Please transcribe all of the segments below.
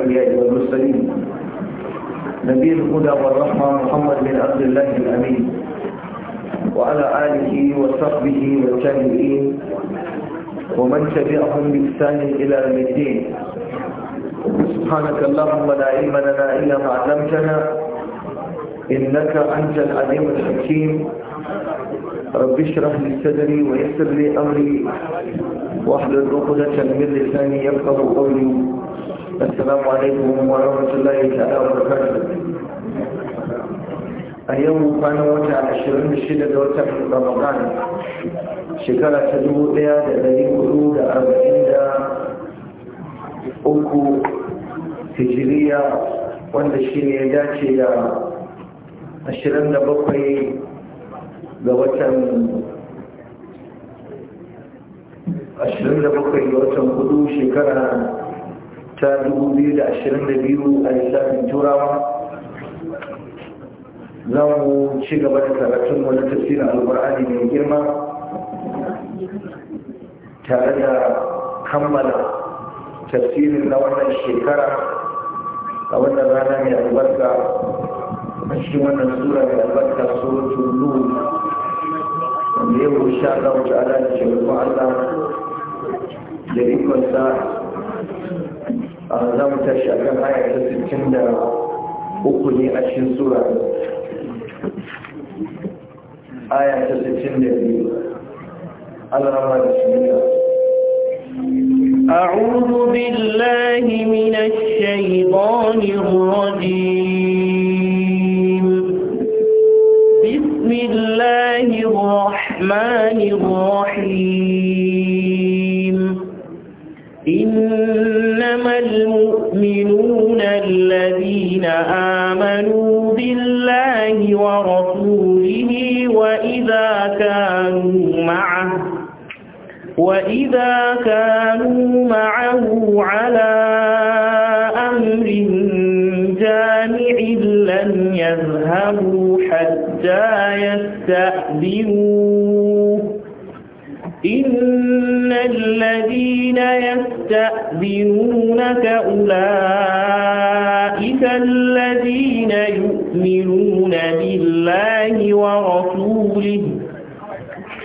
الأنبياء والمرسلين نبي الهدى والرحمة محمد بن عبد الله الأمين وعلى آله وصحبه والتابعين ومن تبعهم بإحسان إلى يوم الدين سبحانك اللهم لا علم لنا إلا ما علمتنا إنك أنت العليم الحكيم رب اشرح لي صدري ويسر لي أمري واحلل عقدة من لساني يفقه قولي السلام عليكم ورحمة الله تعالى وبركاته a yau kwanan wata 26 da watan ramadan shekara ta 1443 hijiriya wanda shi ne ya dace da 27 ga watan ga watan hudu shekara ta 2022 a lissafin turawa za mu ci gaba da karatun wani tafsirin alkur'ani mai girma tare da kammala tafsirin na wannan shekara a wannan rana mai albarka a cikin wannan sura mai albarka suratul nur wanda yau sha Allah ta'ala da shekaru Allah da ikonsa za mu tashi a kan aya ta sittin da uku ne a cikin sura aya ta sittin da biyu Allah rama da shi أعوذ بالله من الشيطان الرجيم بسم الله الرحمن الرحيم إن إنما المؤمنون الذين آمنوا بالله ورسوله وإذا كانوا معه وإذا كانوا معه على أمر جامع لم يذهبوا حتى يستأذنوه إن الذين يستأذنونك أولئك الذين يؤمنون بالله ورسوله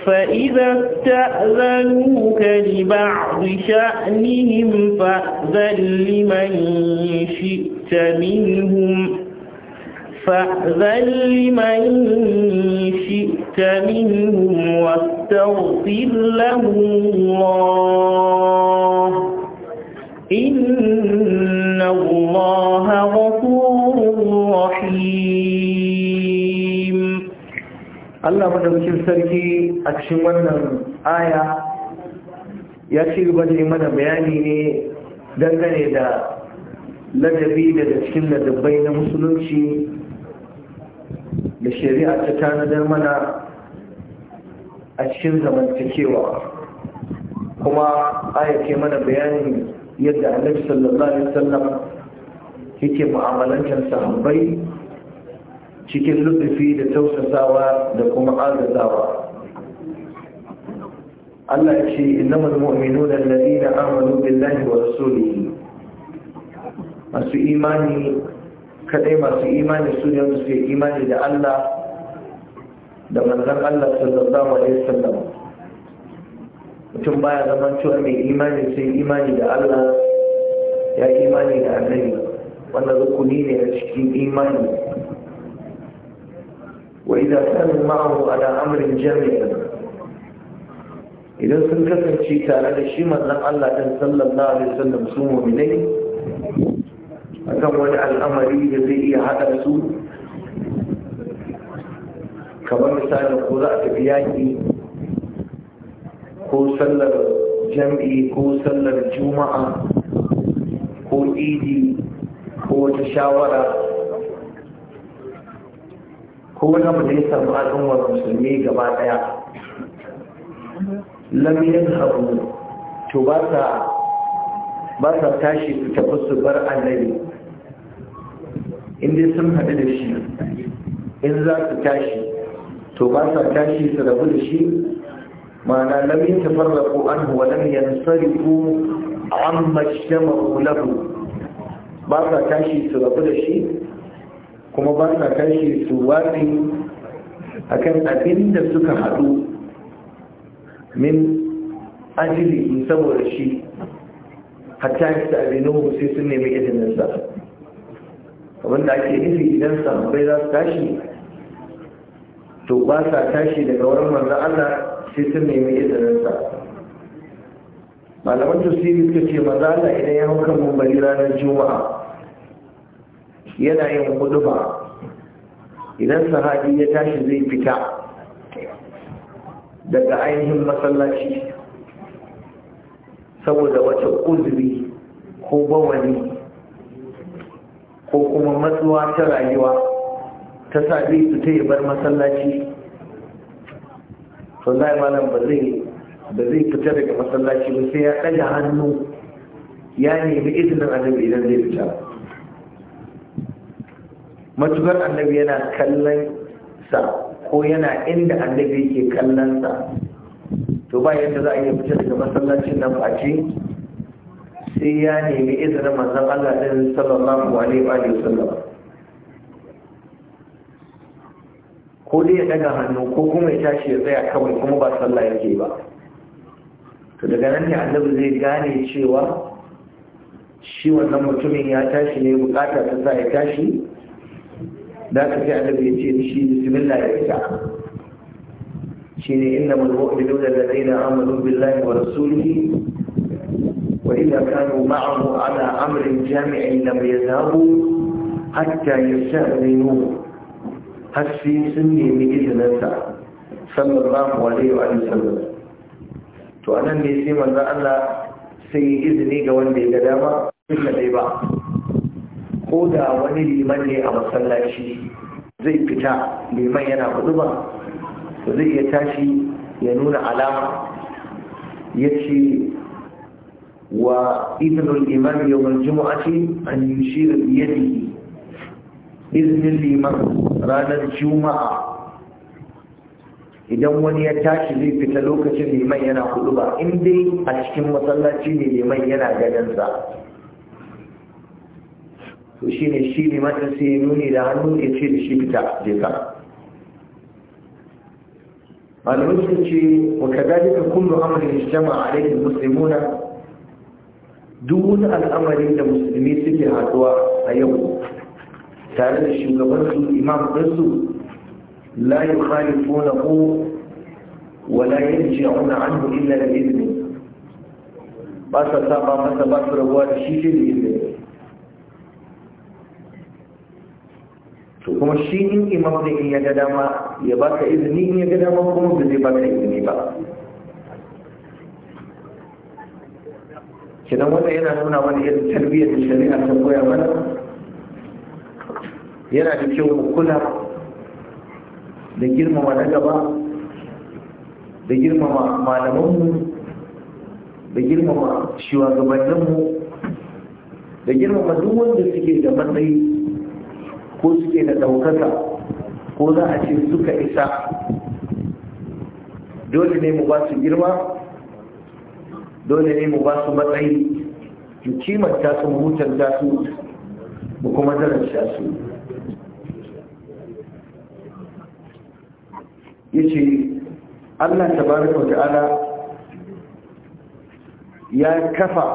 فإذا استأذنوك لبعض شأنهم فأذن لمن شئت منهم فأذن لمن شئت منهم يستغفر له الله إن الله غفور رحيم الله مدوكين سركي أكشن ونن آية يأتي بدل من بياني dangane da ladabi daga cikin ladabbai na musulunci da shari'a ta tanadar mana a cikin zamantakewa kuma ayake mana bayanin yadda annabi sallallahu alaihi wasallam yake mu'amalantar sahabbai cikin lubufi da tausasawa da kuma agazawa Allah ya ce innamal mu'minuna alladhina amanu billahi wa rasulihi masu imani kadai masu imani su ne su imani da Allah da manzan Allah sallallahu alaihi wasallam mutum baya zaman cewa mai imani sai imani da Allah ya imani da annabi wannan rukuni ne a cikin imani wa idan kanu ma'ahu ala amrin jami'in idan sun kasance tare da shi manzan Allah din sallallahu alaihi wasallam su mu'minai akan wani al'amari da zai iya hada su kamar misali ko za a tafi yaƙi ko sallar jam'i ko sallar juma'a ko idi ko wata shawara ko wani abu da ya samu al'ummar musulmi gaba ɗaya lamirin abu to ba sa tashi su tafi su bar annabi inda sun haɗu da shi in za su tashi to ba sa tashi su rabu da shi ma'ana lam yatafarraqu anhu wa lam yansarifu amma shama'u lahu ba sa tashi su rabu da shi kuma ba sa tashi su wani akan abin suka haɗu min ajili saboda shi hatta yi ta abinu sai sun nemi izininsa abinda ake nufi idan bai za su tashi to ba sa tashi daga wurin manzan Allah sai sun nemi izininsa malaman tafsiri suka ce manzan Allah idan ya hau kan mumbari ranar juma'a yana yin huduba idan sahabi ya tashi zai fita daga ainihin masallaci saboda wata uzuri ko bawani ko kuma matsuwa ta rayuwa ta sa zai fita ya bar masallaci wallahi malam ba zai ba zai fita daga masallaci ba sai ya ɗaga hannu ya nemi izinin annabi idan zai fita matukar annabi yana kallon sa ko yana inda annabi yake kallon sa to ba yadda za a iya fita daga masallacin nan ba ce sai ya nemi izinin manzon Allah din sallallahu alaihi wa sallam ko dai ya daga hannu ko kuma ya tashi ya tsaya kawai kuma ba sallah yake ba to daga nan ne annabi zai gane cewa shi wannan mutumin ya tashi ne bukata ta sa ya tashi da ka sai annabi ya ce shi bismillah ya fita shi ne shine innamal mu'minuna alladhina amanu billahi wa rasulihi وإذا كانوا معه على أمر جامع لم يذهبوا حتى يستأذنوه har sai sun nemi izininsa sallallahu alaihi wa sallam to anan ne sai manzo Allah sai izini ga wanda ya ga dama kuma dai ba ko da wani liman ne a masallaci zai fita liman yana hudu ba to zai iya tashi ya nuna alama ya ce wa idanul imam yawon jumu'ati an da biyadihi izinin liman ranar juma'a idan wani ya tashi zai fita lokacin liman yana hudu ba in dai a cikin masallaci ne liman yana ganinsa to shi ne shi liman ɗin sai ya nuni da hannu ya ce da shi fita je ka ce wa ka gaji ka kullu amalin jama a rikin musulmuna duk wani al'amarin da musulmi suke haɗuwa a yau tare da shugabansu imam ɗinsu la yi khalifuna ko wala yarji'una anhu illa da izini ba sa saba masa ba su rabuwa da shi shi da izini to kuma shi in imam ne in ya ga dama ya baka izini in ya ga dama kuma ba zai baka izini ba kidan wannan yana nuna mana irin tarbiyyar shari'a ta koya mana yana da kyau mu kula da girmama na gaba da girmama malamanmu da girmama shugabanninmu da girmama duk wanda suke da matsayi ko suke da ɗaukaka ko za a ce suka isa dole ne mu ba su girma dole ne mu ba su matsayi mu kimanta su mu mutunta su mu kuma zarafta su yace Allah tabaraka ta'ala ya kafa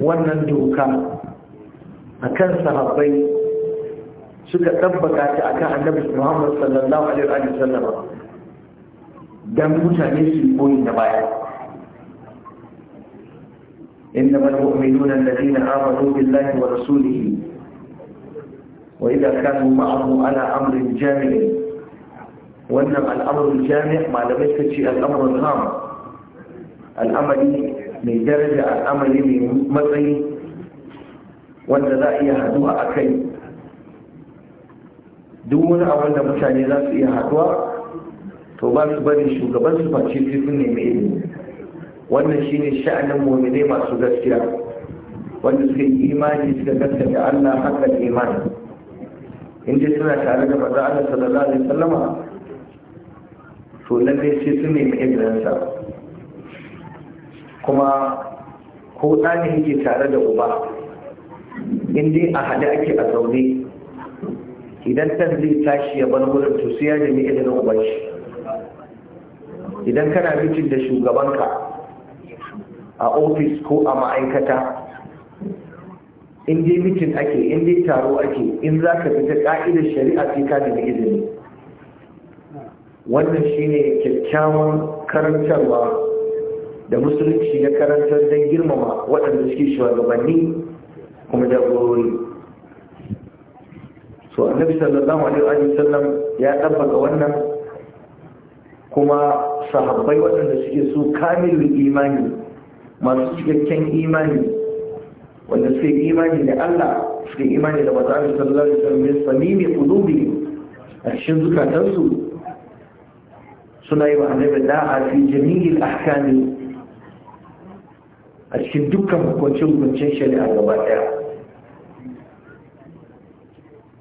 wannan doka akan sahabbai suka tabbata ta akan Annabi Muhammad sallallahu alaihi wa dan mutane su koyi da baya إنما المؤمنون الذين آمنوا بالله ورسوله وإذا كانوا معه على أمر جامع wannan al'amarin jami'a malamai suka ce al'amarin ham al'amari mai daraja al'amari mai matsayi wanda za a iya haduwa a kai duk wani abin da mutane za su iya haduwa to ba su bari shugaban su face fifin ne mai ilimi wannan shine sha'anin mu'mine masu gaskiya wanda suka yi imani suka gaskata Allah hakan imani in suna tare da manzo Allah sallallahu alaihi wasallama to kai sai su nemi izininsa kuma ko ɗani ne yake tare da uba in dai a haɗe ake a zaune idan ta zai tashi ya bar wurin to sai ya nemi izinin uban shi idan kana mitin da shugabanka a ofis ko a ma'aikata in dai mitin ake in dai taro ake in za ka fita ka'idar shari'a sai ka nemi izini wannan shi ne kyakkyawan karantarwa da musulunci na karantar don girmama waɗanda suke shugabanni kuma jagorori so annabi sallallahu alaihi wa sallam ya tabbata wannan kuma sahabbai waɗanda suke su kamilul imani masu cikakken imani wanda suke imani da Allah suke imani da wata sallallahu alaihi wa sallam ne samimi qulubi a cikin zukatansu سنعي وعنب الداعة في جميع الأحكام الشدوكة مكون شوك من شيشة لأغباتها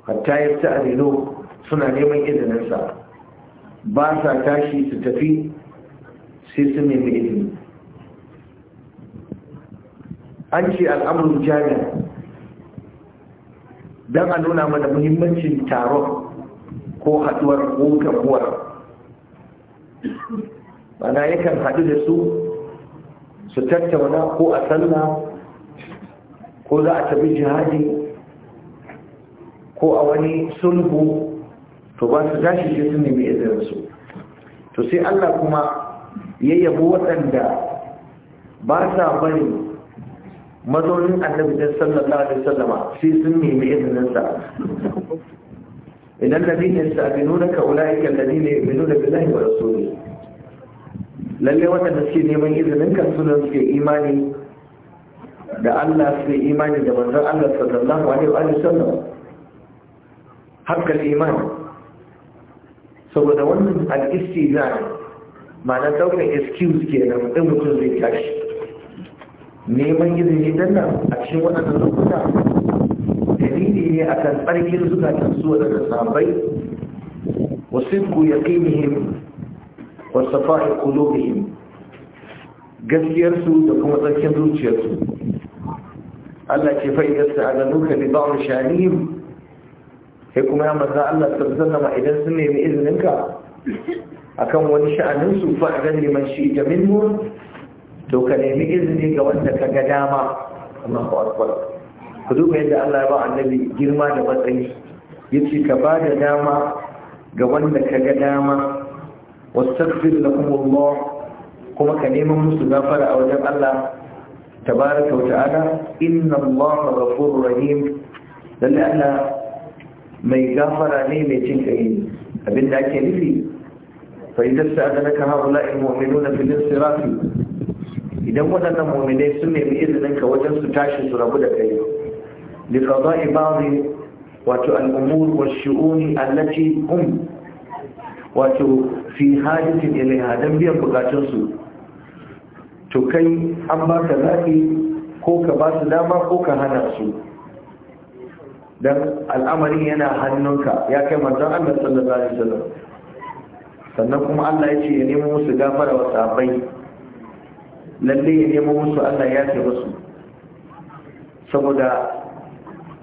حتى يستأذنو سنعي من إذن نفسه باسا تاشي ستفي سيسن من إذن أنشي الأمر الجامع دعا نونا من مهمة تارو ko haduwar ko gabuwar mana yakan haɗu da su su tattauna ko a sallah ko za a tafi jihadi ko a wani sulhu to ba su tashi shi su nemi su. to sai Allah kuma ya yabo waɗanda ba sa bari mazaunin annabi da sallallahu alaihi wasallama sai sun nemi izininsa إن الذين يستأذنونك أولئك الذين يؤمنون wa ورسوله lalle waɗanda suke neman izinin kansu da suke imani da Allah suke imani da manzon Allah sallallahu alaihi wa sallam hakkal iman saboda wannan al-istiza ma'ana daukar excuse ke da mutum zai tashi neman izini dan nan a cikin waɗannan lokuta dalili ne a akan tsarkin zukatan su waɗanda sabai wasu ku yaqinihim wasafahi qulubihim gaskiyarsu da kuma tsarkin zuciyarsu Allah ce fa idan sa'adanuka li ba'd shanihim sai kuma ya maza Allah sallallahu ma idan sun nemi izininka a kan wani sha'aninsu su fa idan liman shi ta minhu to ka nemi izini ga wanda ka ga dama ku duba yadda Allah ya ba annabi girma da matsayi Ya ce ka ba da dama ga wanda ka ga dama واستغفر لكم الله كما كان يمم مستغفر او جل الله تبارك وتعالى ان الله غفور رحيم لان mai gafara ne mai cin kai abinda ake nufi fa idan sa'adanaka haula'il na fil sirati idan waɗannan mu'minai sun nemi izininka wajen su tashi su rabu da kai Likaba qada'i ba'dhi wato al'umur wa shu'uni allati wato fi hajjin ilaiha don biyan bukatunsu to kai an ba ka zaɓi ko ka ba su dama ko ka hana su don al'amarin yana hannunka ya kai manzan allah sallallahu alaihi wasallam sannan kuma allah ya ce ya nemo musu gafara wa sahabbai lalle ya nemo musu allah ya ce musu saboda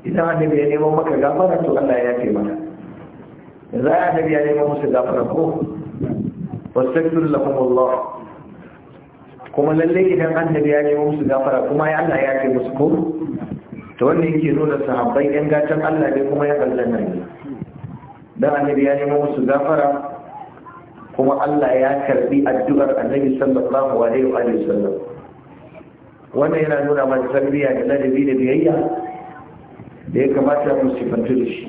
idan annabi ya nemo maka gafara to allah ya ce maka yanzu ai annabi ya nemo musu gafara ko واستغفر لهم الله kuma lalle idan annabi ya nemo musu gafara kuma ya Allah ya kai musu ko to wannan yake nuna sahabbai yan gatan Allah ne kuma ya aljanna nan. dan annabi ya nemo musu gafara kuma Allah ya karbi addu'ar annabi sallallahu alaihi wa sallam wannan yana nuna mana tarbiyya da ladabi da biyayya da ya kamata mu sifantu da shi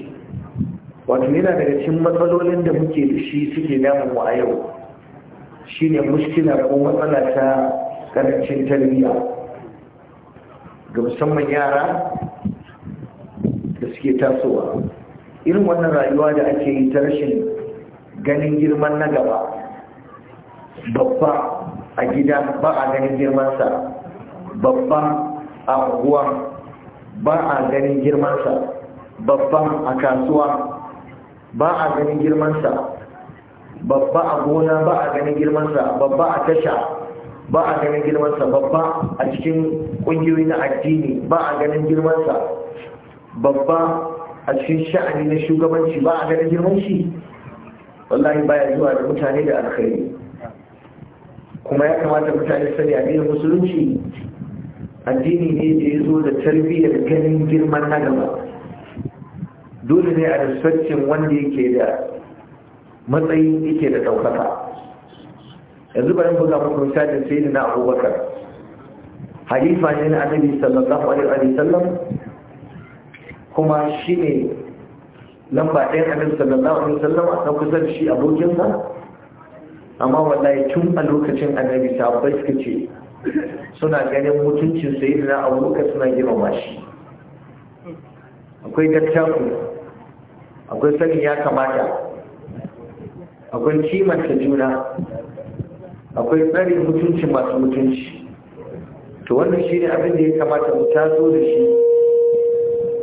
wato yana daga cikin matsalolin da muke da shi suke damun mu a yau shine muskina ko matsala ta karancin tarbiyya ga musamman yara da suke tasowa irin wannan rayuwa da ake yi ta rashin ganin girman na gaba babba a gida ba a ganin girmansa babba a unguwa ba a ganin girmansa babban a kasuwa ba a ganin girmansa babba a gona ba a ganin girmansa babba a tasha ba a ganin girmansa babba a cikin ƙungiyoyi na addini ba a ganin girmansa babba a cikin sha'ani na shugabanci ba a ganin girman shi wallahi baya zuwa da mutane da alkhairi kuma ya kamata mutane sani biyan musulunci addini ne da ya zo da tarbiyyar ganin girman na gaba dole ne a respectin wanda yake da matsayi yake da ɗaukaka yanzu bari buga muku misalin sai na abubakar halifa ne na annabi sallallahu alaihi wa sallam kuma shi ne lamba ɗayan annabi sallallahu alaihi wa sallam a kusa da shi abokinsa amma wallahi tun a lokacin annabi sahabbai suka ce suna ganin mutuncin sai na abubakar suna girmama shi akwai dattaku akwai sanin ya kamata akwai kimanta juna akwai tsarin mutunci masu mutunci to wannan shi ne abin da ya kamata mu taso da shi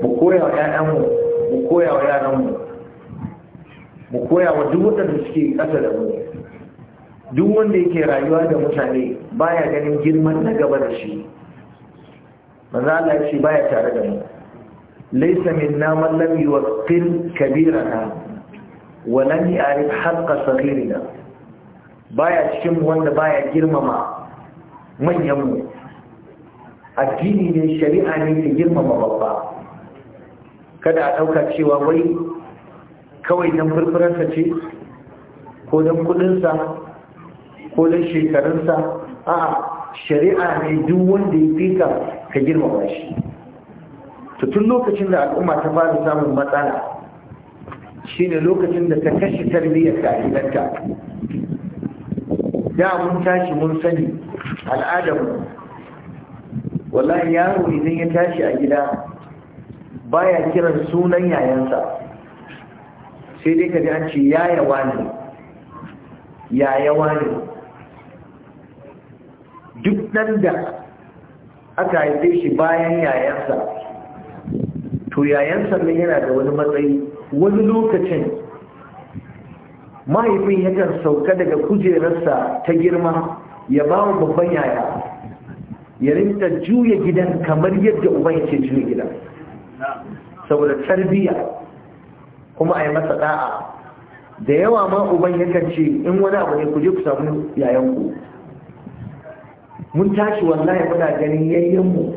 mu koya wa 'ya'yanmu mu koya wa yaranmu mu koya wa duk waɗanda suke ƙasa da mu duk wanda yake rayuwa da mutane baya ganin girman na gaba da shi maza Allah ya ce baya tare da mu laisa naman man lam yuwaqqil kabirana walan ya'rif haqqa saghirina baya cikin wanda baya girmama manyan mu addini ne shari'a ne ta girmama babba kada a ɗauka cewa wai kawai dan furfuransa ce ko dan kudinsa ko dan shekarunsa a'a shari'a ne duk wanda ya fika ka girmama shi to tun lokacin da al'umma ta fara samun matsala Shi ne lokacin da ta kashe tarbiyyar a gidanta da mun tashi mun sani al'adar wallahi yaro idan ya tashi a gida baya kiran sunan yayansa sai dai ka dace an ce yayawa ne yayawa ne duk nan da aka haife shi bayan yayansa to yayansa ne yana da wani matsayi wani lokacin mahaifin yakan sauka daga kujerarsa ta girma ya ba wa babban yaya ya rinta juya gidan kamar yadda ya yake juya gidan saboda tarbiyya kuma a yi masa da'a da yawa ma uban yakan ce in wani abu ne ku je ku samu yayanku mun tashi wallahi muna ganin yayyanmu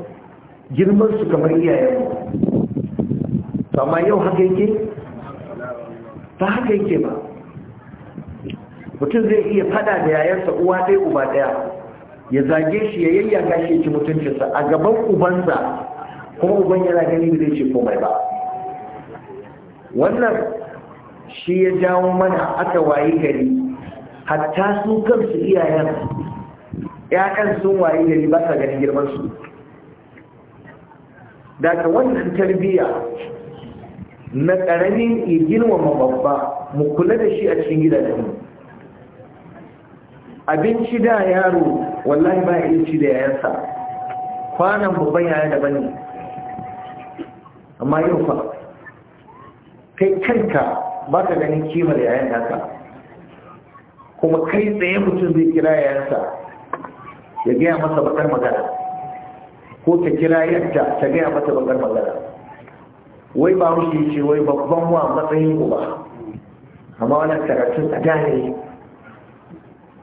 girman su kamar iyayenmu amma yau haka yake ba haka yake ba mutum zai iya fada da yayarsa uwa ɗaya uba ɗaya ya zage shi ya yayyaga shi ci mutuncinsa a gaban ubansa kuma uban yana gani zai ce komai ba wannan shi ya jawo mana aka wayi gari hatta su kansu iyayen ‘ya'yan sun wayi gari ba sa ganin girmansu daga wannan tarbiyya na ƙarami ya girmama babba mu kula da shi a cikin gidajen abinci da yaro wallahi ba ya ci da yayansa kwanan babban yaya da bane amma yau fa kai kanka ba ka ganin kimar yayan naka kuma kai tsaye mutum zai kira yayansa ya gaya masa bakar magana ko ta kira yadda ta gaya masa bakar magana wai ba wuce ce wai babban wa matsayin ba? amma wannan karatun a ne.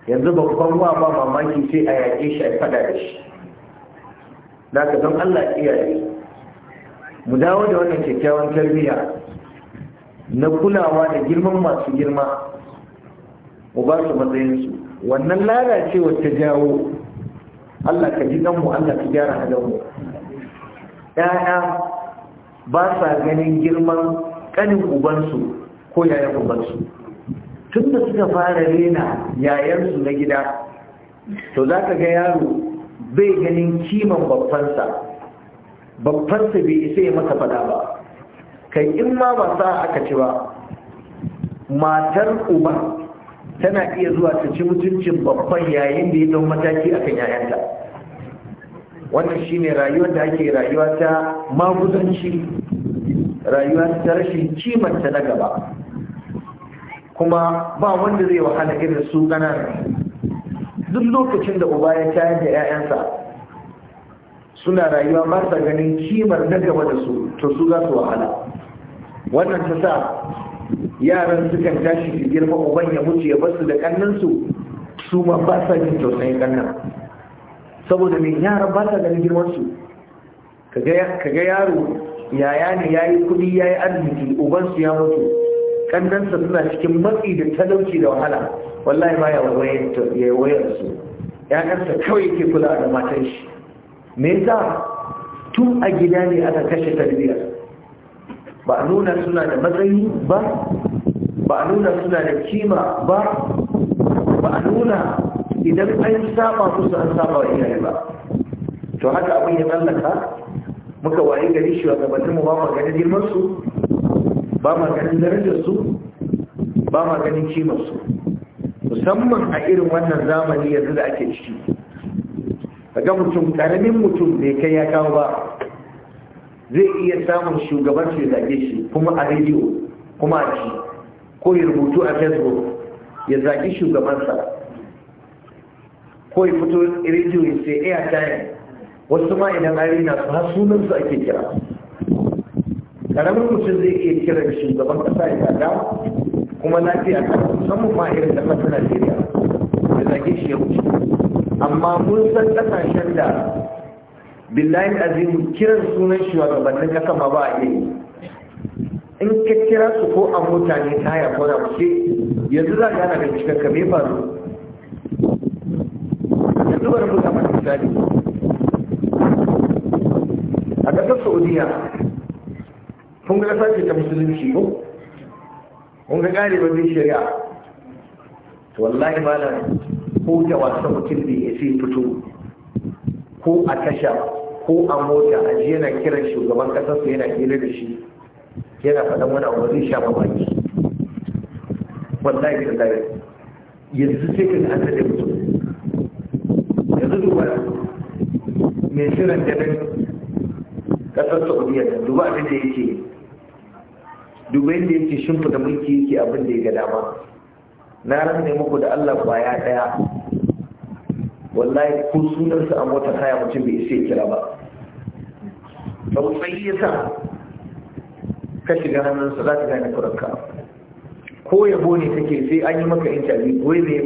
yanzu babban wa ba mamaki sai a yaƙe shi a fada da shi da ka don allah iyaye mu dawo da wannan kyakkyawan tarbiyya na kulawa da girman masu girma mu ba su matsayinsu wannan lalacewa ta jawo Allah ka ji ɗanmu Allah ka gyara hadanmu ‘ya'ya ba sa ganin girman kanin ubansu ko yayan ubansu tun da suka fara rena yayansu na gida to za ka ga yaro bai ganin kiman babbansa babbansa bai isa ya masa fada ba kai in ma ba sa aka ci ba matar uba tana iya zuwa ta ci mutuncin babban yayin da ya dau mataki akan yayanta wannan shine rayuwar da ake rayuwa ta maguzanci rayuwa ta rashin kimanta na gaba kuma ba wanda zai wahala irin su ƙananan duk lokacin da uba ya tayar da 'ya'yansa suna rayuwa ba ganin kimar na gaba da su to su za su wahala wannan ta sa yaran sukan tashi su girma uban ya mutu ya basu da kannansu su ma ba sa jin tausayin kannan saboda mai yaran ba ta ganin girmansu ka ga yaro yaya ne ya yi kudi ya yi arziki ubansu ya mutu kandansa suna cikin matsi da talauci da wahala wallahi ba ya wayarsu ‘ya'yansa kawai ke kula da matan shi me za tun a gida ne aka kashe tarbiyyar ba a nuna suna da matsayi ba ba a nuna suna da kima ba ba a nuna idan an saba musu an saba wa iyaye ba to haka abin ya tsallaka muka waye gari shi wa mu ba ma ganin su, ba ma ganin su, ba ma ganin su. musamman a irin wannan zamani yanzu da ake ciki daga mutum karamin mutum bai kai ya kawo ba zai iya samun shugaban su ya zage shi kuma a rediyo kuma a ci ko ya rubutu a facebook ya zage shugabansa ko ya fito rediyo ya ce air time wasu ma idan ari na su sunan su ake kira karamin mutum zai iya kira shugaban kasa ya kada kuma lafiya ta samun ma irin da kasar Najeriya da zage shi ya wuce amma mun san kasashen da billahi azim kiran sunan shugabannin kasa ma ba a iya in ka kira su ko a mutane ta haya ko na wuce yanzu za ka gana da ka me faru bari buga mana misali a ƙasar saudiya kun ga sashe ta musulunci ko kun ga ƙare zai shari'a to wallahi malam ko da wasu mutum da ya fi fito ko a tasha ko a mota a ji yana kiran shugaban ƙasar su yana hira da shi yana faɗan wani abu zai sha mamaki wallahi da yanzu sai ka ga an da mutum yanzu duba mai shirin ganin kasar saudiya da duba abin da yake duba yadda yake shimfida mulki yake abin da ya ga dama na ranne muku da allah baya daya wallahi ko sunansa a mota kaya mutum bai isa ya kira ba tausayi ya sa ka shiga hannunsa za ka gane furanka ko yabo ne take sai an yi maka intabi ko ya zai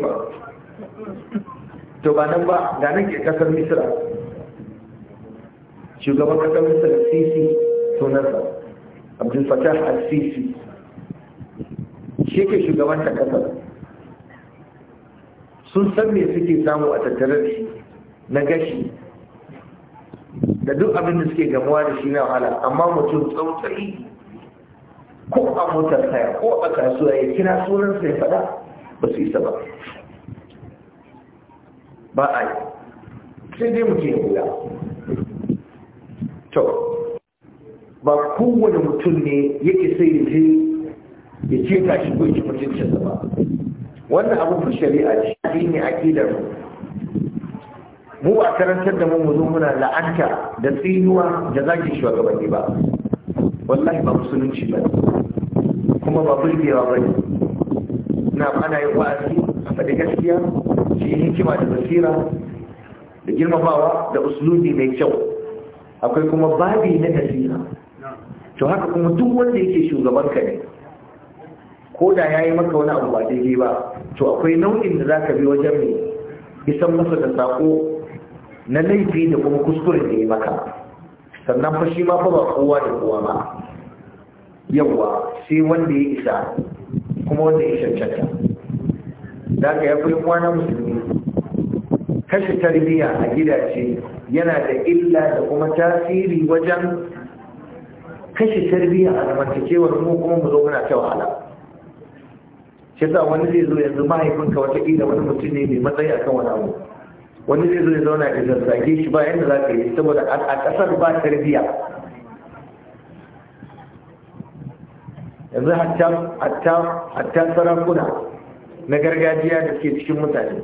to ba nan ba ga nan ke kasar misira shugaban kasar misira sisi sunarsa abdul fatah al-sisi shi ke shugabanta kasar sun san me suke samu a tattare da shi na gashi da duk abin da suke gamuwa da shi na wahala amma mutum tsautsayi ko a motar haya ko a kasuwa ya kira sunansa ya faɗa ba su isa ba ba a yi sai dai muke ya to ba kowane mutum ne yake sai ya je ya ce ka shi ko ya mutuncin ba wannan abu shari'a ce shi ne akidar mu mu ba karantar da mu mu zo muna la'anta da tsinuwa da za zaki shugabanni ba wallahi ba musulunci ba kuma ba burgewa ba ne na ana yi wa'azi a faɗi gaskiya shi hikima da basira da girmamawa da usulubi mai kyau akwai kuma babi na basira to haka kuma duk wanda yake shugaban ka ne ko da ya yi maka wani abu ba daidai ba to akwai nau'in da za ka bi wajen mai isan masa da sako na laifi da kuma kuskure da ya maka sannan fa shi ma fa ba kowa da kowa ba yawwa sai wanda ya isa kuma wanda ya cancanta za ka yafi kwana musulmi kashe tarbiyya a gidaje yana da illa da kuma tasiri wajen kashe tarbiyya a zamantakewar mu kuma mu zo muna ta wahala shi sa wani zai zo yanzu mahaifinka wata wataƙila wani mutum ne mai matsayi akan wani abu wani zai zo ya zauna ya zazzage shi ba yadda za ka yi saboda a ƙasar ba tarbiyya yanzu hatta sarakuna na gargajiya da suke cikin mutane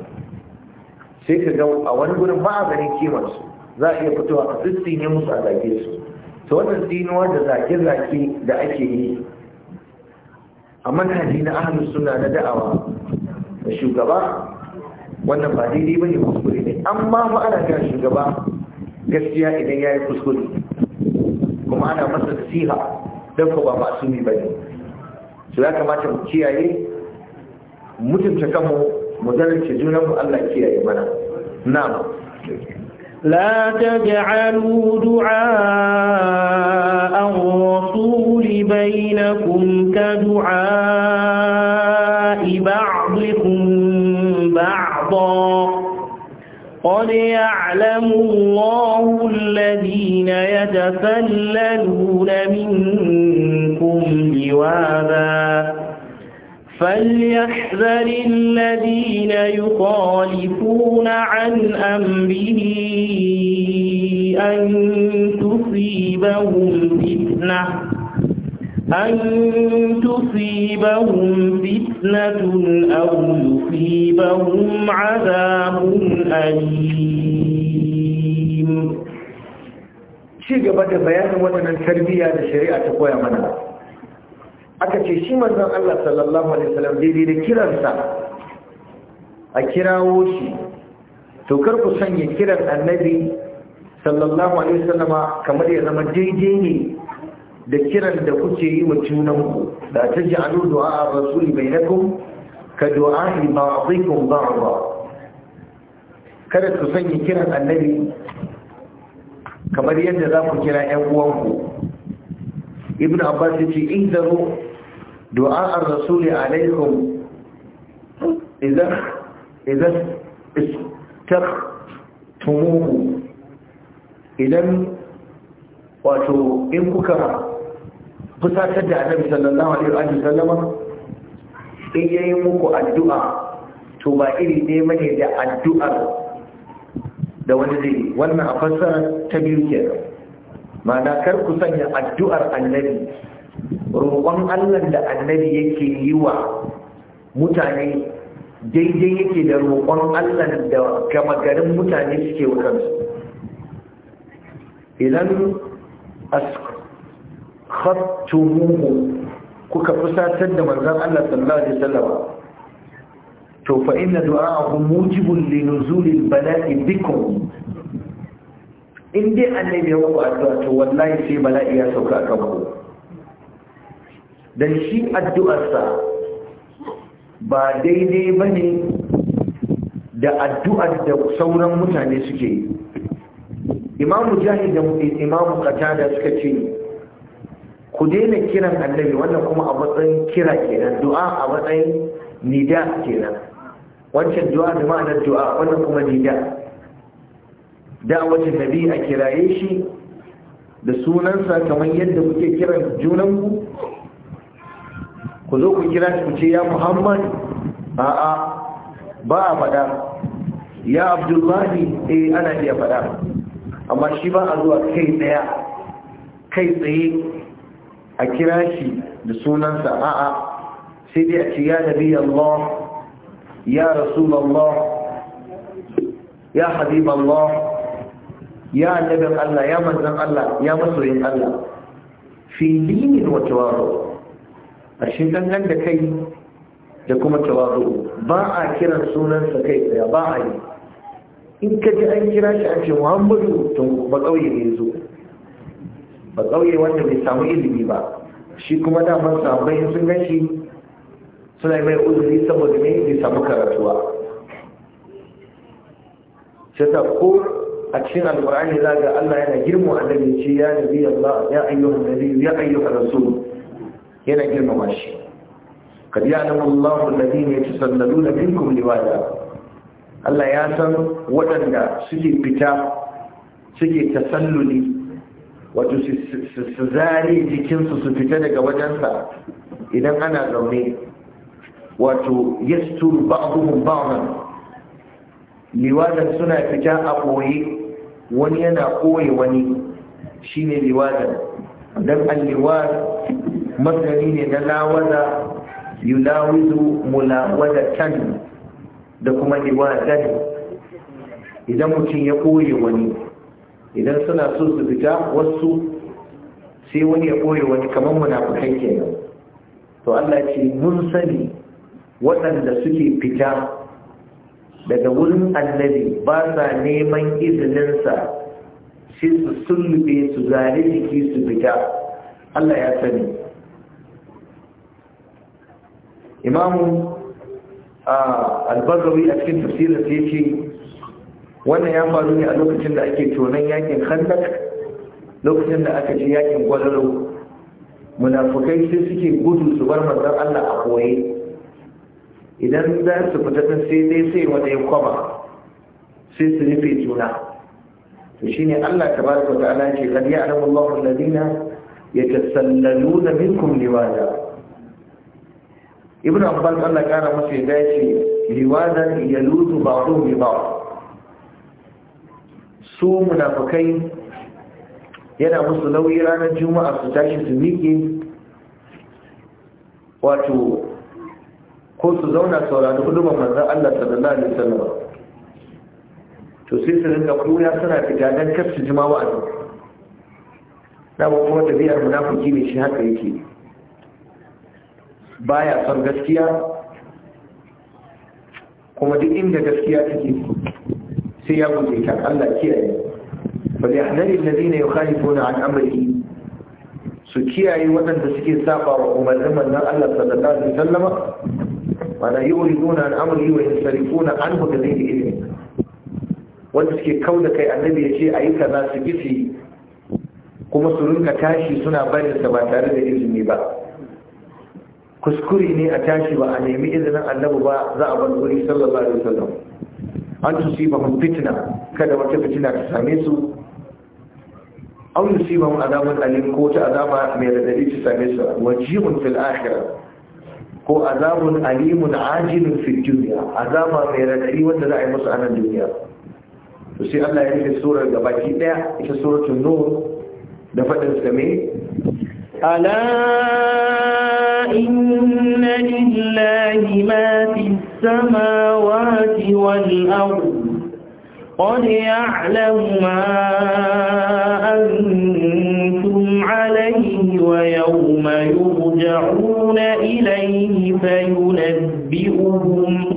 sai ka ga a wani gurin ba a ganin kimarsu za a iya fitowa a yin musu a zage su ta wannan tsinuwa da zaƙe-zaƙe da ake yi a manhaji na ahalus suna na da'awa da shugaba wannan ba daidai ba ne kuskure ne amma ma ana kan shugaba gaskiya idan ya yi kuskure kuma ana masa nasiha don ko ba masu ne ba ne su ya kamata mu kiyaye mutunta kanmu mu zarce junanmu Allah kiyaye mana na'am لا تجعلوا دعاء الرسول بينكم كدعاء بعضكم بعضا قد يعلم الله الذين يتسللون منكم لواذا فليحذر الذين يخالفون عن أمره أن تصيبهم فتنة أن تصيبهم فتنة أو يصيبهم عذاب أليم شيء قبل بيان من التربية للشريعة تقوى منها aka ce shi manzon Allah sallallahu alaihi wasallam daidai da kiransa a kirawo shi to kar ku sanya kiran annabi sallallahu alaihi wasallam kamar ya zama daidai ne da kiran da kuke yi wa tunanku da ta ji alu du'a a rasuli bai na kun ka du'a ne ba a zikun ba ba kada ku sanya kiran annabi kamar yadda za ku kira 'yan uwanku ibn abbas ya ce in zaro du'a ar-rasul alaikum idan idan istaktumuhu idan wato in kuka fusatar da annabi sallallahu alaihi wa sallama in yayi muku addu'a to ba iri ne bane da addu'ar da wani zai wannan a fassara ta biyu kenan ma'ana kar ku sanya addu'ar annabi roƙon allah da annabi yake yi wa mutane daidai yake da roƙon allah da gama garin mutane suke wa kansu idan muku kuka fusatar da manzon allah sallallahu alaihi wasallam to fa inna du'a'ahum mujibun li nuzulil bala'i bikum in dai annabi ya a addu'a to wallahi sai bala'i ya sauka kan ku don shi addu'arsa ba daidai ba ne da addu'ar da sauran mutane suke yi imamu jahi da imamu qatada suka ce ku daina kiran annabi wannan kuma a matsayin kira kenan du'a a matsayin nida kenan wancan du'a da ma'anar du'a wannan kuma nida da wacce nabi a kiraye shi da sunansa kamar yadda kuke kiran junanku ku zo ku kira ku ce ya muhammad a'a ba a faɗa ya abdullahi eh ana iya faɗa amma shi ba a zuwa kai ɗaya kai tsaye a kira shi da sunansa a'a sai dai a ce ya nabi Allah ya rasul Allah ya habib Allah ya annabin Allah ya manzan Allah ya masoyin Allah fi dinin wa a shi gangan da kai da kuma tawazu ba a kiran sunansa kai tsaya ba a yi in ka ji an kira shi an ce muhammadu tun ba ƙauye ne zo ba ƙauye wanda bai samu ilimi ba shi kuma samu sabai sun gashi suna yi mai uzuri saboda ne bai samu karatuwa shata ko a cikin alƙur'ani za ga Allah yana girma annabi ce ya nabi Allah ya ayyuhan nabi ya ayyuhan rasul yana girmama shi kad ya'lamu Allahu alladhina yatasallaluna minkum liwada Allah ya san waɗanda suke fita suke tasalluli wato su zare jikinsu su fita daga wajensa idan ana zaune wato yasturu ba'dhum ba'dan liwadan suna fita a koyi wani yana koye wani shine liwadan dan al-liwad masani ne na lawada yulawizu mulawadatan da kuma liwadan idan mutum ya koye wani idan suna so su fita wasu sai wani ya koye wani kamar munafukai kenan to Allah ce mun sani waɗanda suke fita daga wurin annabi ba sa neman izininsa sai su sulbe su zare jiki su fita Allah ya sani imamu albagawi a cikin tafsirin sai ce wannan ya faru ne a lokacin da ake tonon yakin khandak lokacin da aka ce yakin gwalalo munafukai sai suke gudu su bar manzon Allah a koye idan za su fita din sai dai sai wanda ya kwaba sai su rufe juna to shine Allah tabaraka wa ta'ala ce kad ya'lamu Allahu alladhina yatasallaluna minkum liwada ibn abbas Allah kara masa ya dace liwadan yalutu ba'dhum bi ba'd su munafikai yana musu nauyi ranar juma'a su tashi su miƙe wato ko su zauna saurari hudubar manzan Allah sallallahu alaihi wasallam to sai su rinka kura suna fita don kar su jima wa'azi na ba kuma tafiyar munafiki ne shi haka yake baya son gaskiya kuma duk inda gaskiya take sai ya guje ta Allah kiyaye li ahdari alladhina yukhalifuna an amrihi su kiyaye waɗanda suke saba wa umarnin manzon Allah sallallahu alaihi wasallam mana yuriduna an amrihi wa yansarifuna anhu bi ghairi wanda suke kauda kai annabi ya ce ayi kaza su gisi kuma su rinka tashi suna barin sa ba tare da izini ba kuskure ne a tashi ba a nemi izinin annabi ba za a bar guri sallallahu alaihi wasallam an tusibahum fitna kada wata fitina ta same su aw mun adabun alim ko ta azaba mai radadi ta same su wajibun fil akhirah ko azabun alimun ajilun fil dunya azaba mai radadi wanda za a yi musu a nan duniya to sai Allah ya rufe surar gabaki daya ita suratul nur da fadin sa me ألا إن لله ما في السماوات والأرض قد يعلم ما أنتم عليه ويوم يرجعون إليه فينبئهم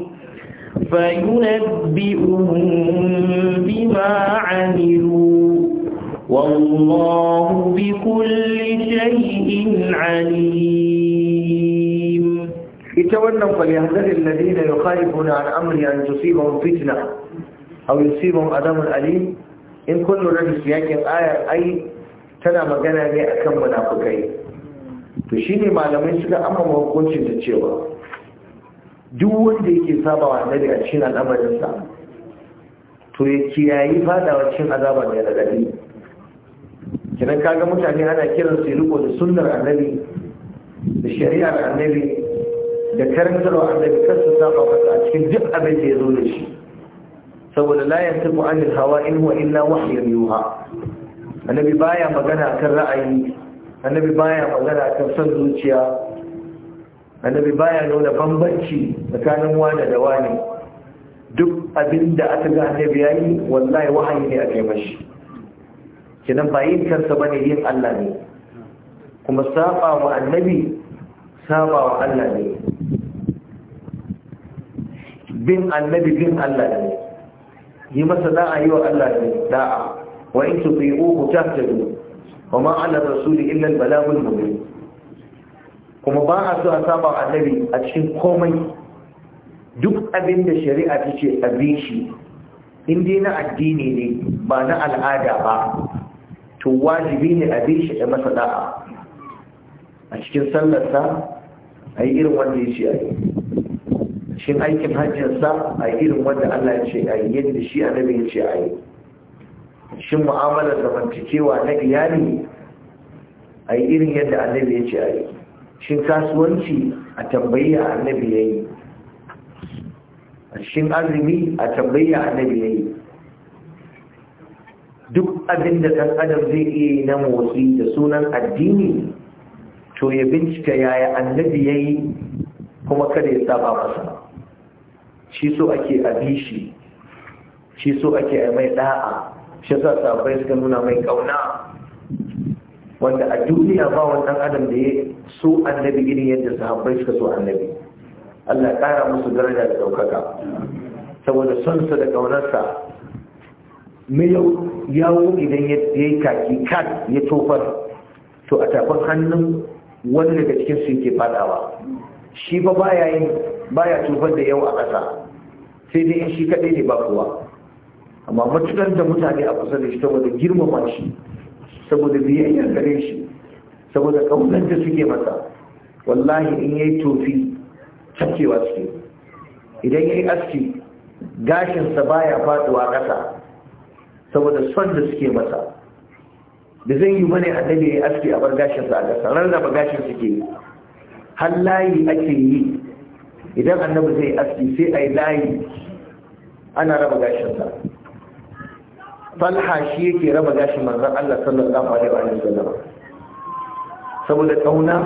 فينبئهم بما عملوا والله بكل شيء عليم يتولم فليهذر الذين يخالفون عن أمر أن تصيبهم فتنة أو يصيبهم أدم أليم إن كل رجل سياكم آية أي tana magana ne akan munafukai to shine malamai suka amma da cewa duk wanda yake saba wa annabi a cikin al'amarin to ya kiyayi fadawa cikin azabar da radadi kinan kaga mutane ana kiran su riko da sunnar annabi da shari'ar annabi da karantarwa annabi kar su saba masa a cikin duk abin da ya zo da shi saboda la yantiqu anil hawa in huwa illa wahyun yuha annabi baya magana akan ra'ayi annabi baya magana akan son zuciya annabi baya nuna bambanci tsakanin wani da wani duk abin da aka ga annabi yayi wallahi wahayi ne aka yi mashi kenan ba yin kansa bane yin Allah ne kuma saba wa annabi saba wa Allah ne bin annabi bin Allah ne yi masa da'a yi wa Allah ne da'a wa in tuti'uhu tahtadu wa ma 'ala rasuli illa al-balagul mubin kuma ba a so a saba annabi a cikin komai duk abin da shari'a ta ce abin shi in dai na addini ne ba na al'ada ba to wajibi ne a bi shi da masa da'a a cikin sallarsa a yi irin wanda ya ce a yi cikin aikin hajjinsa a yi irin wanda Allah ya ce a yi yadda shi annabi ya ce a yi cikin mu'amalar zamantakewa na iyali a yi irin yadda annabi ya ce a yi cikin kasuwanci a tambayi annabi ya yi a cikin azumi a tambayi annabi ya yi abin da ɗan adam zai iya yi na motsi da sunan addini to ya bincika yaya annabi ya yi kuma kada ya saba masa shi so ake abishi shi so ake a mai ɗa'a shi sa sabai suka nuna mai ƙauna wanda a duniya ba wannan adam da ya so annabi irin yadda sahabbai suka so annabi Allah ƙara musu daraja da ɗaukaka saboda sonsa da ƙaunarsa ya yawo idan ya yi kaki kat ya tofar to a tafin hannun wani daga cikin su yake fadawa shi ba baya yin baya tofar da yawa a ƙasa sai dai in shi kaɗai ne ba kuwa. amma matuƙar da mutane a kusa da shi saboda girmama shi saboda biyayyar gare shi saboda ƙaunar da suke masa wallahi in yayi tofi cakewa suke idan yayi aski gashinsa baya faduwa ƙasa saboda son da suke masa da zai yi bane annabi ya aski a bar gashin sa a ƙasa rarraba gashin suke yi har layi ake yi idan annabi zai aski sai a yi layi ana raba gashin sa falha shi yake raba gashin manzan Allah sallallahu alaihi wa sallam saboda kauna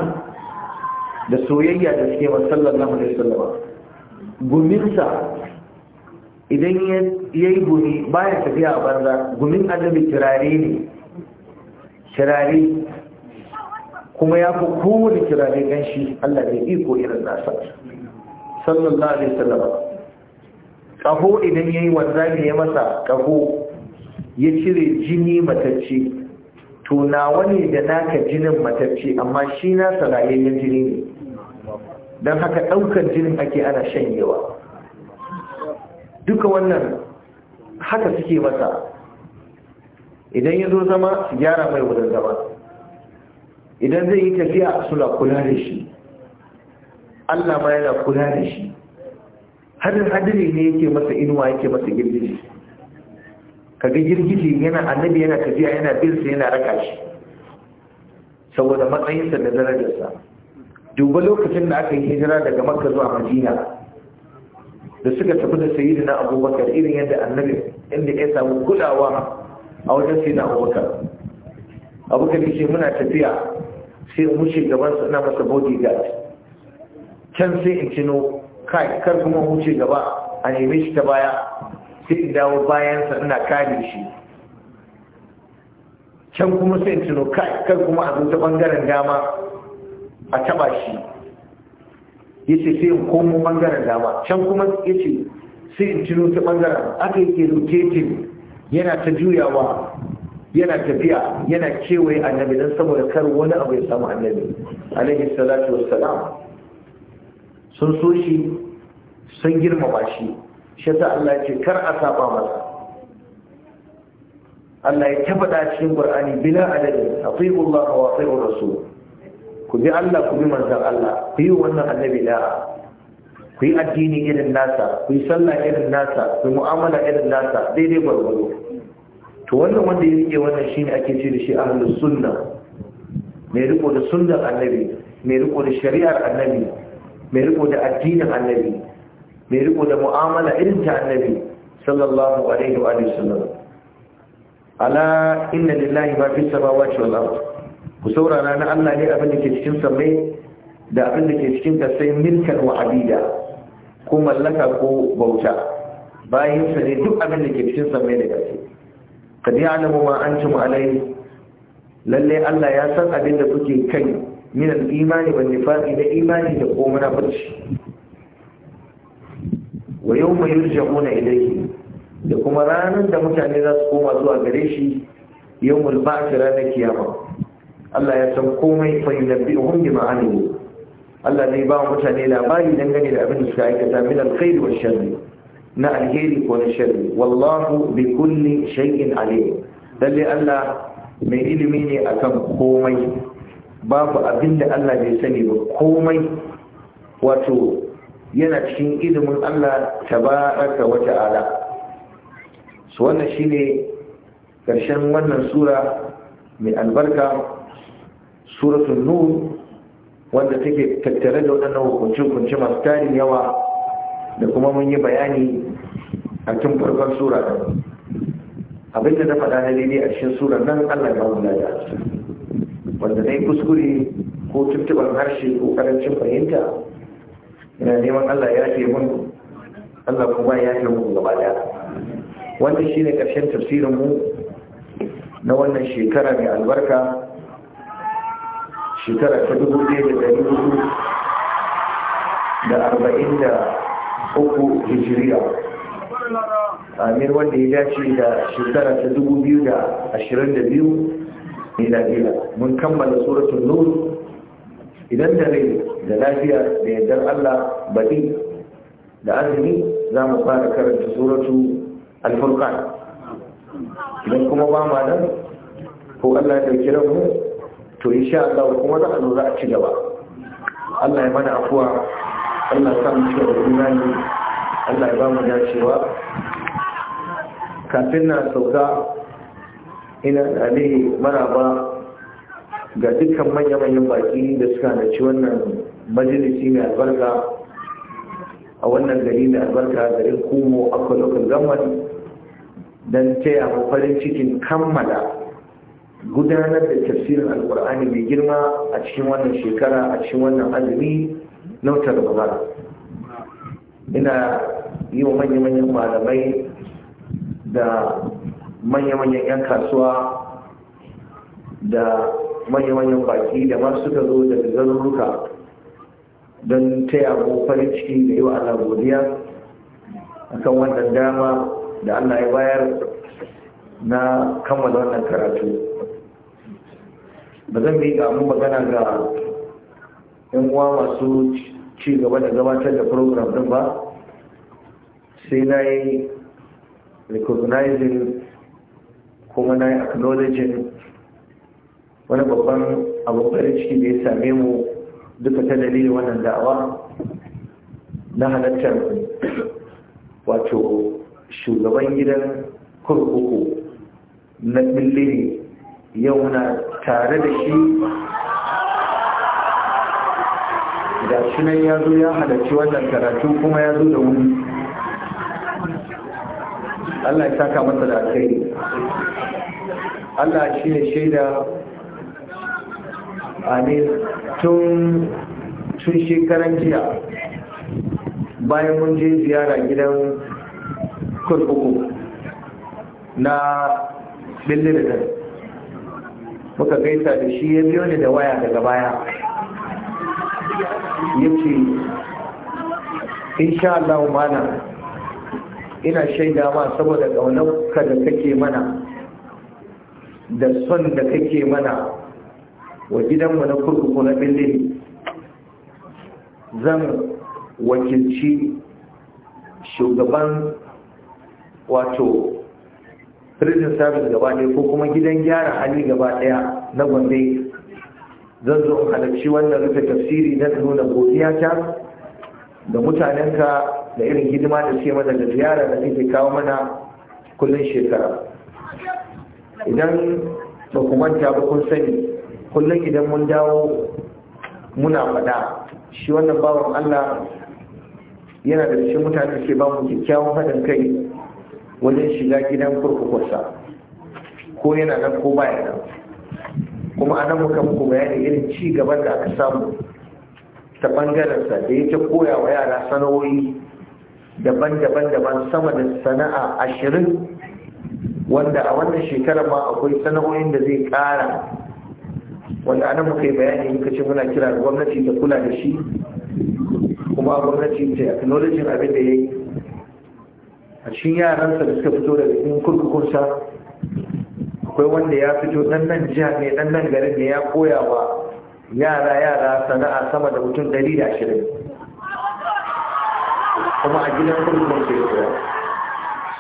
da soyayya da suke wa sallallahu alaihi wa sallam guminsa idan ya yi gumi baya tafiya a banza gumin annabi kirare ne kirare kuma ya fi kowane kirare ganshi Allah bai iko irin nasa sallallahu alaihi wasallam kaho idan yayi wanda ne ya masa kaho ya cire jini matacce to na wani da naka jinin matacce amma shi na sarayayyen jini ne dan haka daukar jinin ake ana shanyewa duka wannan haka suke masa idan ya zo zama su gyara mai wurin zama idan zai yi tafiya a suna kula da shi allah ma yana kula da shi hadin hadiri ne yake masa inuwa yake masa girgiji kaga girgiji yana annabi yana tafiya yana bin yana raka shi saboda matsayinsa da darajarsa duba lokacin da aka yi hijira daga makka zuwa madina da suka tafi da sayi na abubakar irin yadda annabi inda ya samu gudawa a wajen sayi na abubakar abubakar ce muna tafiya sai mu ce gaban ina masa bodyguard can sai in cino kai kar kuma mu ce gaba a neme shi ta baya sai in dawo bayansa ina kare shi can kuma sai in cino kai kar kuma a zo ta bangaren dama a taba shi ya ce sai komo bangaren dama can kuma ya ce sai in tuno ta bangaren aka yi ke rotating yana ta juyawa yana tafiya yana kewaye annabi don saboda kar wani abu ya samu annabi alaihi salatu wassalam sun so shi sun girmama shi shi ta Allah ce kar a saba masa Allah ya tabbata cikin Qur'ani bila adadin atiqu wa atiqu Rasul ku bi Allah ku bi manzan Allah ku yi wannan annabi da'a ku yi addini irin nasa ku yi sallah irin nasa ku yi mu'amala irin nasa daidai gwargwaro to wannan wanda ya rike wannan shine ake ce da shi ahlus sunna mai riko da sunnar annabi mai riko da shari'ar annabi mai riko da addinin annabi mai riko da mu'amala irin ta annabi sallallahu alaihi wa sallam ala inna lillahi ma fi samawati wal ardh ku saurara na Allah ne abin da ke cikin sammai da abin da ke cikin kasai milkan wa abida ko mallaka ko bauta bayan sa ne duk abin da ke cikin sammai da kasai kad ya'lamu ma antum alayhi lalle Allah ya san abin da kuke kai min al-imani wal nifaqi da imani da ko munafiki wa yawma yurja'una ilayhi da kuma ranar da mutane za su koma zuwa gare shi yawmul ba'th ranar kiyama Allah ya san komai fa yunabbi'uhum bima amilu Allah zai ba mutane labari dangane da abin da suka aikata min alkhairi wa sharri na alheri ko na sharri wallahu bi kulli shay'in alim lalle Allah mai ilimi ne akan komai babu abin da Allah bai sani ba komai wato yana cikin ilimin Allah tabaraka wa ta'ala Su wannan shine karshen wannan sura mai albarka suratun nun wanda take tattare da waɗannan hukunce-hukunce masu tarin yawa da kuma mun yi bayani a tun farkon sura nan abinda na faɗa na daidai a cikin sura nan allah ya bamu lada wanda na yi kuskure ko tuntuɓar harshe ko ƙarancin fahimta ina neman allah ya fi mun allah kuma ya fi mun gaba wanda wannan shine ƙarshen tafsirin mu na wannan shekara mai albarka shekara ta dubu ɗaya da ɗari hudu da arba'in da uku hijiriya amir wanda ya dace da shekara ta dubu biyu da ashirin da biyu miladiya mun kammala suratun nur idan da rai da lafiya da yardar allah baɗi da azumi za mu fara karanta suratu alfurkan idan kuma ba ma nan ko allah ya ɗauki ranmu to sha Allah kuma za a zo za a ci gaba Allah ya mana afuwa Allah ya samu ciwo da imani Allah ya ba mu dacewa kafin na sauka ina alai maraba ga dukkan manya-manyan baki da suka naci wannan majalisi mai albarka a wannan gari mai albarka garin kumo a lokacin gamar don taya mu farin cikin kammala gudanar da tafsirin alkur'ani mai girma a cikin wannan shekara a cikin wannan azumi na watan ramadan ina yi wa manya-manyan malamai da manya-manyan 'yan kasuwa da manya-manyan baki da masu suka zo daga zarurruka don taya mu farin ciki da yi wa allah godiya akan wannan dama da allah ya bayar na kammala wannan karatu ba zan yi ga abin magana ga yan uwa masu ci gaba da gabatar da program din ba sai na yi recognizing kuma na yi acknowledging wani babban abin farin ciki da ya same mu duka ta dalilin wannan da'awa na halattar wato shugaban gidan kurkuku na billiri yau na tare da shi da shi nan ya zo ya halarci wannan karatu kuma ya zo da wuni. Allah ya saka masa da kai Allah shi ne shaida a ne tun tun shekaran jiya bayan mun je ziyara gidan kurkuku na bilirgan muka gaisa da shi ya biyo ni da waya daga baya ya ce insha Allah mana ina shaida ma saboda ƙaunarka da kake mana da son da kake mana wa gidanmu na kurkuku na billin zan wakilci shugaban wato prison service gaba ɗaya ko kuma gidan gyara hali gaba ɗaya na gombe zan zo in halarci wannan rufe tafsiri na nuna godiya ta da mutanenka da irin hidima da suke mana da ziyara da suke kawo mana kullum shekara idan ba ku manta ba kun sani kullum idan mun dawo muna faɗa shi wannan bawan allah yana da cikin mutane ke ba mu kyakkyawan haɗin kai wajen shiga gidan kurkukunsa ko yana nan ko baya nan kuma anan muka muku bayani irin ci gaban da aka samu ta bangarensa da yake koya wa yara sana'o'i daban-daban daban sama da sana'a ashirin wanda a wannan shekarar ma akwai sana'o'in da zai kara wanda anan muka yi bayani muka ce muna kira gwamnati ta kula da shi kuma gwamnati ta technology abin da ya yi a cikin yaransa da suka fito da jikin kurkukunsa akwai wanda ya fito dan nan jiha ne dan nan garin ne ya koya wa yara yara sana'a sama da mutum ɗari da ashirin kuma a gidan kurkukun ke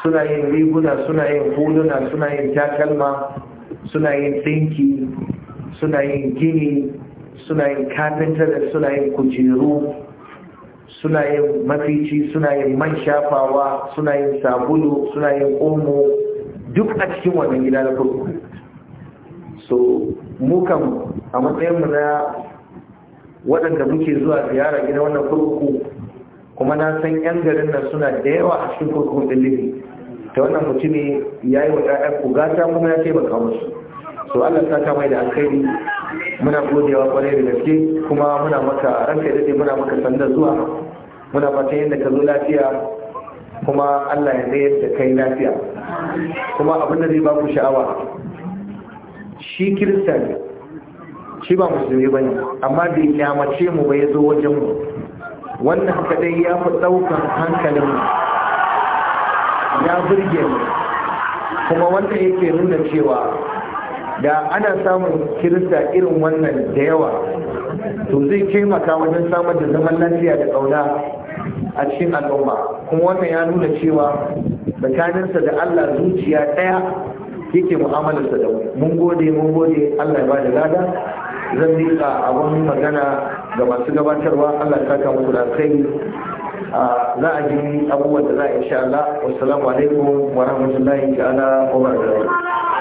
suna yin riguna suna yin huluna suna yin takalma suna yin ɗinki suna yin gini suna yin da suna yin kujeru suna yin mafici suna yin man shafawa suna yin sabulu suna yin omo duk a cikin wannan gida na kurkuku so mu kan a mu na waɗanda muke zuwa ziyara gida wannan kurkuku kuma na san 'yan garin nan suna da yawa a cikin kurkukun ɗin ta wannan mutum ya yi wa ku. Gata kuma ya taimaka musu so allah ta kamai da alkhairi muna godewa kwarai da gaske kuma muna maka ranka da muna maka sanda zuwa muna fata yadda ka zo lafiya kuma Allah ya zayar da kai lafiya kuma abin da zai ba ku sha'awa shi kirista ne shi ba musulmi ba ne amma bai kyamace mu ba ya zo wajen mu wannan kadai ya fi ɗaukar hankalin mu ya burge mu kuma wannan yake nuna cewa da ana samun kirista irin wannan da yawa to zai taimaka wajen samar da zaman lafiya da ƙauna a cikin al'umma kuma wannan ya nuna cewa tsakaninsa da Allah zuciya ɗaya yake mu'amalarsa da mun gode mun gode Allah ya bada lada zan rika abun magana ga masu gabatarwa Allah ya saka muku kai za a ji abubuwan da za a insha Allah assalamu alaikum wa rahmatullahi ta'ala wa barakatuh